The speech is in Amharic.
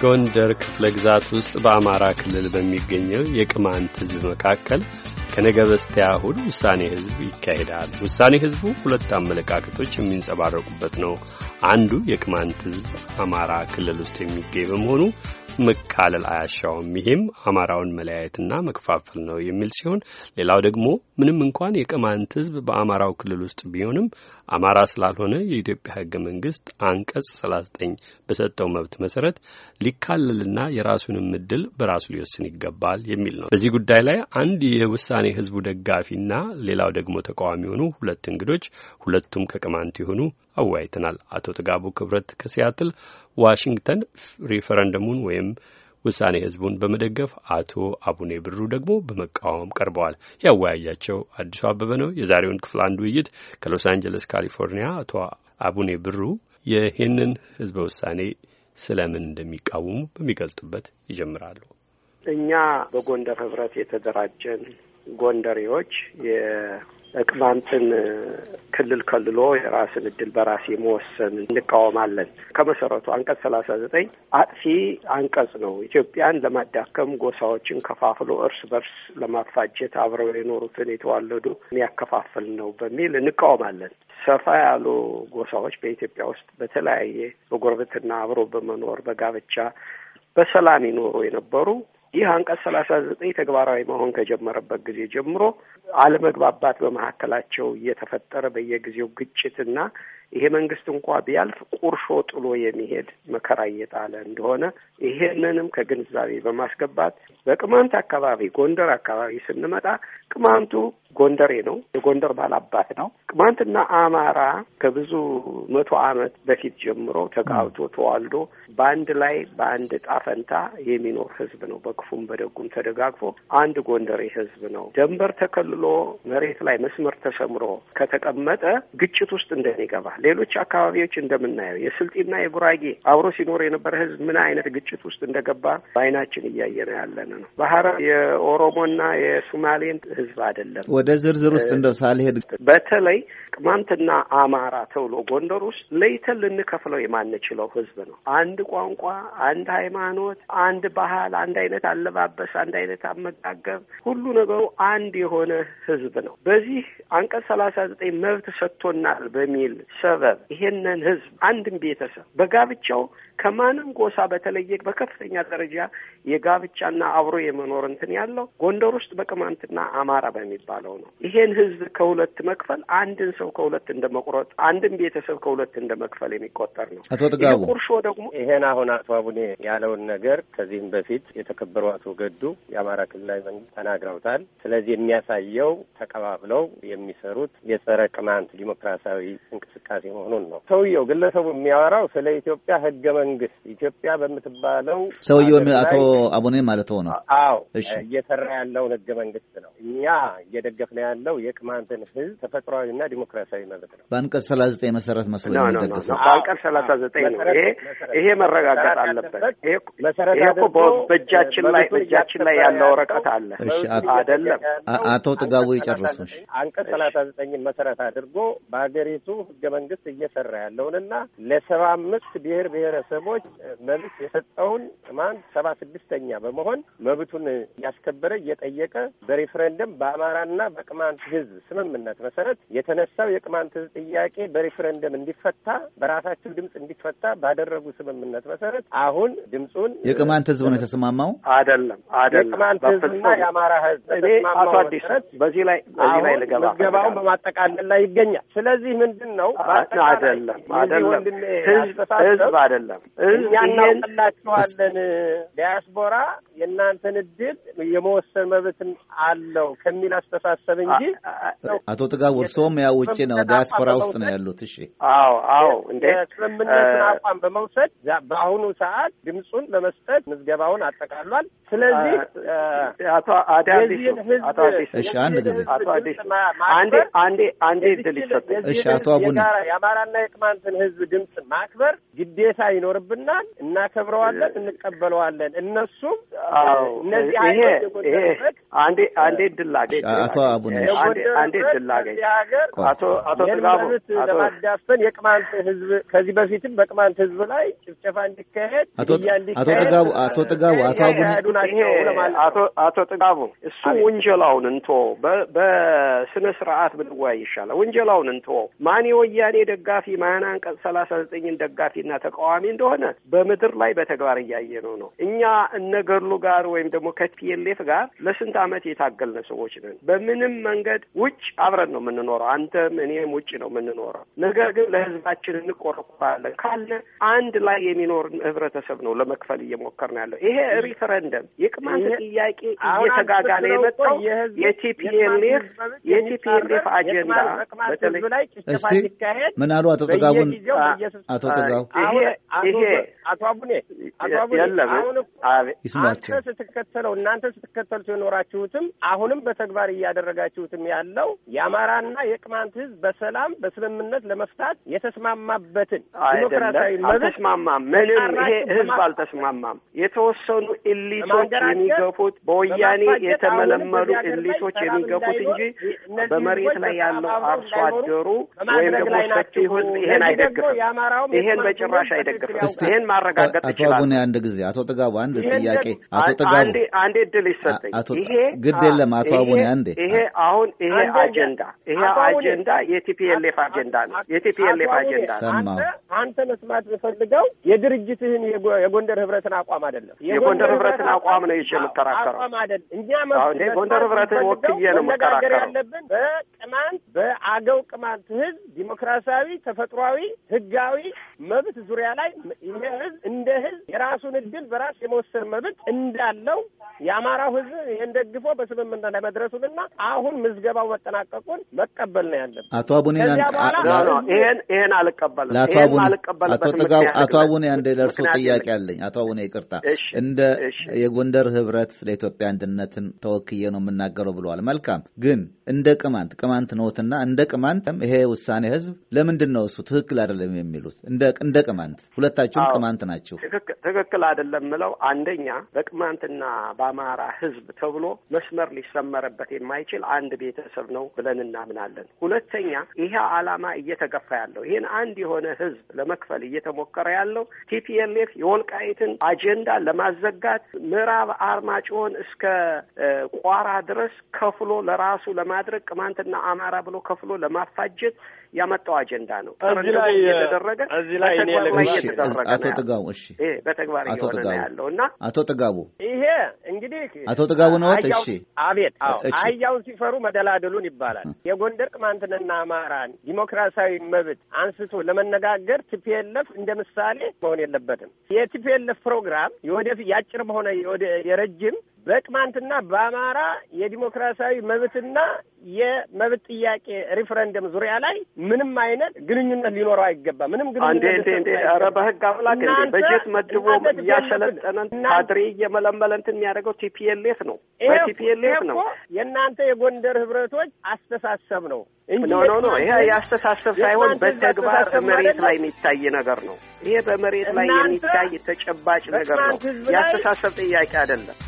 ጎንደር ክፍለ ግዛት ውስጥ በአማራ ክልል በሚገኘው የቅማንት ሕዝብ መካከል ከነገ በስቲያ እሁድ ውሳኔ ህዝብ ይካሄዳል። ውሳኔ ህዝቡ ሁለት አመለካከቶች የሚንጸባረቁበት ነው። አንዱ የቅማንት ህዝብ አማራ ክልል ውስጥ የሚገኝ በመሆኑ መካለል አያሻውም፣ ይሄም አማራውን መለያየትና መከፋፈል ነው የሚል ሲሆን፣ ሌላው ደግሞ ምንም እንኳን የቅማንት ህዝብ በአማራው ክልል ውስጥ ቢሆንም አማራ ስላልሆነ የኢትዮጵያ ህገ መንግስት አንቀጽ 39 በሰጠው መብት መሰረት ሊካለልና የራሱንም እድል በራሱ ሊወስን ይገባል የሚል ነው። በዚህ ጉዳይ ላይ አንድ የውሳ ውሳኔ ህዝቡ ደጋፊና ሌላው ደግሞ ተቃዋሚ የሆኑ ሁለት እንግዶች ሁለቱም ከቅማንት የሆኑ አወያይተናል። አቶ ጥጋቡ ክብረት ከሲያትል ዋሽንግተን ሪፈረንደሙን ወይም ውሳኔ ህዝቡን በመደገፍ አቶ አቡኔ ብሩ ደግሞ በመቃወም ቀርበዋል። ያወያያቸው አዲሱ አበበ ነው። የዛሬውን ክፍል አንድ ውይይት ከሎስ አንጀለስ ካሊፎርኒያ አቶ አቡኔ ብሩ ይህንን ህዝበ ውሳኔ ስለምን እንደሚቃወሙ በሚገልጡበት ይጀምራሉ። እኛ በጎንደር ህብረት የተደራጀን ጎንደሬዎች የቅማንትን ክልል ከልሎ የራስን እድል በራስ የመወሰን እንቃወማለን። ከመሰረቱ አንቀጽ ሰላሳ ዘጠኝ አጥፊ አንቀጽ ነው። ኢትዮጵያን ለማዳከም ጎሳዎችን ከፋፍሎ እርስ በርስ ለማፋጀት አብረው የኖሩትን የተዋለዱ የሚያከፋፍል ነው በሚል እንቃወማለን። ሰፋ ያሉ ጎሳዎች በኢትዮጵያ ውስጥ በተለያየ በጎርበትና አብሮ በመኖር በጋብቻ በሰላም ይኖሩ የነበሩ ይህ አንቀጽ ሰላሳ ዘጠኝ ተግባራዊ መሆን ከጀመረበት ጊዜ ጀምሮ አለመግባባት በመካከላቸው እየተፈጠረ በየጊዜው ግጭትና ይሄ መንግስት እንኳ ቢያልፍ ቁርሾ ጥሎ የሚሄድ መከራ እየጣለ እንደሆነ ይሄንንም ከግንዛቤ በማስገባት በቅማንት አካባቢ ጎንደር አካባቢ ስንመጣ ቅማንቱ ጎንደሬ ነው፣ የጎንደር ባላባት ነው። ቅማንትና አማራ ከብዙ መቶ ዓመት በፊት ጀምሮ ተጋብቶ ተዋልዶ በአንድ ላይ በአንድ ጣፈንታ የሚኖር ህዝብ ነው። በክፉም በደጉም ተደጋግፎ አንድ ጎንደሬ ህዝብ ነው። ደንበር ተከልሎ መሬት ላይ መስመር ተሰምሮ ከተቀመጠ ግጭት ውስጥ እንደሚገባ ሌሎች አካባቢዎች እንደምናየው የስልጤና የጉራጌ አብሮ ሲኖር የነበረ ህዝብ ምን አይነት ግጭት ውስጥ እንደገባ በአይናችን እያየ ነው ያለን ነው። በሀረር የኦሮሞና የሱማሌን ህዝብ አይደለም። ወደ ዝርዝር ውስጥ እንደው ሳልሄድ በተለይ ቅማንትና አማራ ተብሎ ጎንደር ውስጥ ለይተን ልንከፍለው የማንችለው ህዝብ ነው። አንድ ቋንቋ፣ አንድ ሃይማኖት፣ አንድ ባህል፣ አንድ አይነት አለባበስ፣ አንድ አይነት አመጋገብ፣ ሁሉ ነገሩ አንድ የሆነ ህዝብ ነው። በዚህ አንቀጽ ሰላሳ ዘጠኝ መብት ሰጥቶናል በሚል ሰበብ ይሄንን ህዝብ አንድም ቤተሰብ በጋብቻው ከማንም ጎሳ በተለየ በከፍተኛ ደረጃ የጋብቻና አብሮ የመኖር እንትን ያለው ጎንደር ውስጥ በቅማንትና አማራ በሚባለው ነው። ይሄን ህዝብ ከሁለት መክፈል አንድን ሰው ከሁለት እንደ መቁረጥ፣ አንድን ቤተሰብ ከሁለት እንደ መክፈል የሚቆጠር ነው። አቶ ጥጋቡ ቁርሾ ደግሞ ይሄን አሁን አቶ አቡኔ ያለውን ነገር ከዚህም በፊት የተከበሩ አቶ ገዱ የአማራ ክልላዊ መንግስት ተናግረውታል። ስለዚህ የሚያሳየው ተቀባብለው የሚሰሩት የጸረ ቅማንት ዲሞክራሲያዊ እንቅስቃሴ እንቅስቃሴ መሆኑን ነው። ሰውየው ግለሰቡ የሚያወራው ስለ ኢትዮጵያ ህገ መንግስት ኢትዮጵያ በምትባለው ሰውየው አቶ አቡኔ ማለት ሆ ነው። አዎ እየሰራ ያለውን ህገ መንግስት ነው። እኛ እየደገፍን ያለው የቅማንትን ህዝብ ተፈጥሯዊና ዲሞክራሲያዊ መብት ነው። በአንቀጽ ሰላሳ ዘጠኝ መሰረት መስሎ ነው። በአንቀጽ ሰላሳ ዘጠኝ ነው። ይሄ ይሄ መረጋጋት አለበት። ይሄ እኮ በእጃችን ላይ በእጃችን ላይ ያለ ወረቀት አለ አይደለም። አቶ ጥጋቡ ይጨርሱ። አንቀጽ ሰላሳ ዘጠኝን መሰረት አድርጎ በሀገሪቱ ህገ መንግስት መንግስት እየሰራ ያለውንና ለሰባ አምስት ብሔር ብሔረሰቦች መብት የሰጠውን ቅማንት ሰባ ስድስተኛ በመሆን መብቱን እያስከበረ እየጠየቀ በሪፍረንደም በአማራና በቅማንት ህዝብ ስምምነት መሰረት የተነሳው የቅማንት ህዝብ ጥያቄ በሪፍረንደም እንዲፈታ በራሳቸው ድምፅ እንዲፈታ ባደረጉ ስምምነት መሰረት አሁን ድምፁን የቅማንት ህዝብ ነው የተስማማው። አይደለም አይደለም፣ የቅማንት ህዝብና የአማራ ህዝብ ተስማማው በዚህ ላይ በዚህ ላይ ልገባ ምዝገባውን በማጠቃለል ላይ ይገኛል። ስለዚህ ምንድን ነው አይደለም አይደለም፣ ህዝብ አይደለም። እኛ እናውቅላችኋለን። ዲያስፖራ የእናንተን እድል የመወሰን መብትን አለው ከሚል አስተሳሰብ እንጂ አቶ ጥጋቡ እርስዎም ያው ውጭ ነው ዲያስፖራ ውስጥ ነው ያሉት። እሺ፣ አዎ፣ አዎ። እንደ ስምምነትን አቋም በመውሰድ በአሁኑ ሰዓት ድምፁን በመስጠት ምዝገባውን አጠቃሏል። ስለዚህ አቶ አዲስ አቶ አንድ ጊዜ አቶ አዲስ አንዴ አንዴ አንዴ ድል ይሰጥ። እሺ፣ አቶ አቡነ የአማራና የቅማንትን ህዝብ ድምፅ ማክበር ግዴታ ይኖርብናል። እናከብረዋለን፣ እንቀበለዋለን። እነሱም እነዚህ አይነት አንዴ አንዴ ድላገኝ አቶ አቡነ አንዴ ድላገኝ ሀገር አቶ አቶ ለማዳፈን የቅማንት ህዝብ ከዚህ በፊትም በቅማንት ህዝብ ላይ ጭፍጨፋ እንዲካሄድ አቶ ጥጋቡ አቶ ጥጋቡ አቶ አቡነ አቶ ጥጋቡ እሱ ወንጀላውን እንቶ በስነ ስርዓት ብንወያይ ይሻላል። ወንጀላውን እንቶ ማን የወያኔ የእኔ ደጋፊ ማን አንቀጽ ሰላሳ ዘጠኝን ደጋፊና ተቃዋሚ እንደሆነ በምድር ላይ በተግባር እያየ ነው ነው እኛ እነገሉ ጋር ወይም ደግሞ ከፒኤልኤፍ ጋር ለስንት ዓመት የታገልነ ሰዎች ነን። በምንም መንገድ ውጭ አብረን ነው የምንኖረው። አንተም እኔም ውጭ ነው የምንኖረው። ነገር ግን ለህዝባችን እንቆረቆራለን ካለ አንድ ላይ የሚኖር ህብረተሰብ ነው ለመክፈል እየሞከር ነው ያለው። ይሄ ሪፈረንደም የቅማንት ጥያቄ እየተጋጋለ የመጣው የቲፒኤልኤፍ የቲፒኤልኤፍ አጀንዳ በተለይ ማለት ምን አሉ አቶ ጥጋቡን? አቶ ጥጋቡ አቶ አቡኔ አቶ አቡኔ አሁን ይስማቸው ስትከተለው እናንተ ስትከተሉት የኖራችሁትም አሁንም በተግባር እያደረጋችሁትም ያለው የአማራና የቅማንት ህዝብ በሰላም በስምምነት ለመፍታት የተስማማበትን ዲሞክራሲያዊ አልተስማማ ምንም ይሄ ህዝብ አልተስማማም። የተወሰኑ ኢሊቶች የሚገፉት በወያኔ የተመለመሉ ኢሊቶች የሚገፉት እንጂ በመሬት ላይ ያለው አርሶ አደሩ ወይም ደግሞ ሰፊ ህዝብ ይሄን አይደግፍም። ይሄን በጭራሽ አይደግፍም። ይሄን ማረጋገጥ ይችላል። አቶ አቡነ አንድ ጊዜ አቶ ጥጋቡ አንድ ጥያቄ አቶ ጥጋቡ አንዴ እድል ይሰጠኝ። ይሄ ግድ የለም አቶ አቡነ አንዴ ይሄ አሁን ይሄ አጀንዳ ይሄ አጀንዳ የቲፒኤልኤፍ አጀንዳ ነው። የቲፒኤልኤፍ አጀንዳ ነው። አንተ መስማት ብፈልገው የድርጅትህን የጎንደር ህብረትን አቋም አይደለም። የጎንደር ህብረትን አቋም ነው ይዤ የምከራከረው እኛ ጎንደር ህብረትን ወክዬ ነው የምከራከረው። በቅማንት በአገው ቅማንት ህዝብ ዲሞክራ ዲሞክራሲያዊ ተፈጥሯዊ ህጋዊ መብት ዙሪያ ላይ ይህ ህዝብ እንደ ህዝብ የራሱን እድል በራስ የመወሰን መብት እንዳለው የአማራው ህዝብ ይህን ደግፎ በስምምነት ላይ መድረሱንና አሁን ምዝገባው መጠናቀቁን መቀበል ነው ያለን። አቶ አቡኔ ይሄን ይሄን አልቀበልም። አቶ ጥጋው አቶ አቡኔ አንድ ለእርሶ ጥያቄ አለኝ። አቶ አቡኔ ይቅርታ፣ እንደ የጎንደር ህብረት ለኢትዮጵያ አንድነትን ተወክዬ ነው የምናገረው ብለዋል። መልካም ግን እንደ ቅማንት ቅማንት ነዎትና እንደ ቅማንት ይሄ ውሳኔ ህዝብ ለምንድን ነው እሱ ትክክል አይደለም የሚሉት? እንደ ቅማንት ሁለታችሁም ቅማንት ናቸው። ትክክል አይደለም ምለው አንደኛ በቅማንትና በአማራ ህዝብ ተብሎ መስመር ሊሰመርበት የማይችል አንድ ቤተሰብ ነው ብለን እናምናለን። ሁለተኛ ይሄ አላማ እየተገፋ ያለው ይህን አንድ የሆነ ህዝብ ለመክፈል እየተሞከረ ያለው ቲፒኤልኤፍ የወልቃይትን አጀንዳ ለማዘጋት ምዕራብ አርማጭሆን እስከ ቋራ ድረስ ከፍሎ ለራሱ ለማድረግ ቅማንትና አማራ ብሎ ከፍሎ ለማፋጀት ያመጣው አጀንዳ ነው። እዚህ ላይ እዚህ ላይ እኔ አቶ ጥጋቡ እሺ፣ በተግባር እየሆነ ያለው እና አቶ ጥጋቡ ይሄ እንግዲህ አቶ ጥጋቡ ጥጋቡነዎት እሺ፣ አቤት። አዎ አህያውን ሲፈሩ መደላደሉን ይባላል። የጎንደር ቅማንትንና አማራን ዲሞክራሲያዊ መብት አንስቶ ለመነጋገር ቲፒኤልኤፍ እንደ ምሳሌ መሆን የለበትም። የቲፒኤልኤፍ ፕሮግራም የወደፊት የአጭርም ሆነ የረጅም በቅማንትና በአማራ የዲሞክራሲያዊ መብትና የመብት ጥያቄ ሪፍረንደም ዙሪያ ላይ ምንም አይነት ግንኙነት ሊኖረው አይገባም። ምንም ግንኙነት እንዴ! ኧረ በህግ አምላክ እንዴ! በጀት መድቦ እያሸለጠነን ካድሬ እየመለመለ እንትን የሚያደርገው ቲፒኤልኤፍ ነው፣ በቲፒኤልኤፍ ነው። የእናንተ የጎንደር ህብረቶች አስተሳሰብ ነው እንጂ ኖ ኖ፣ ይሄ የአስተሳሰብ ሳይሆን በተግባር መሬት ላይ የሚታይ ነገር ነው። ይሄ በመሬት ላይ የሚታይ ተጨባጭ ነገር ነው። የአስተሳሰብ ጥያቄ አይደለም።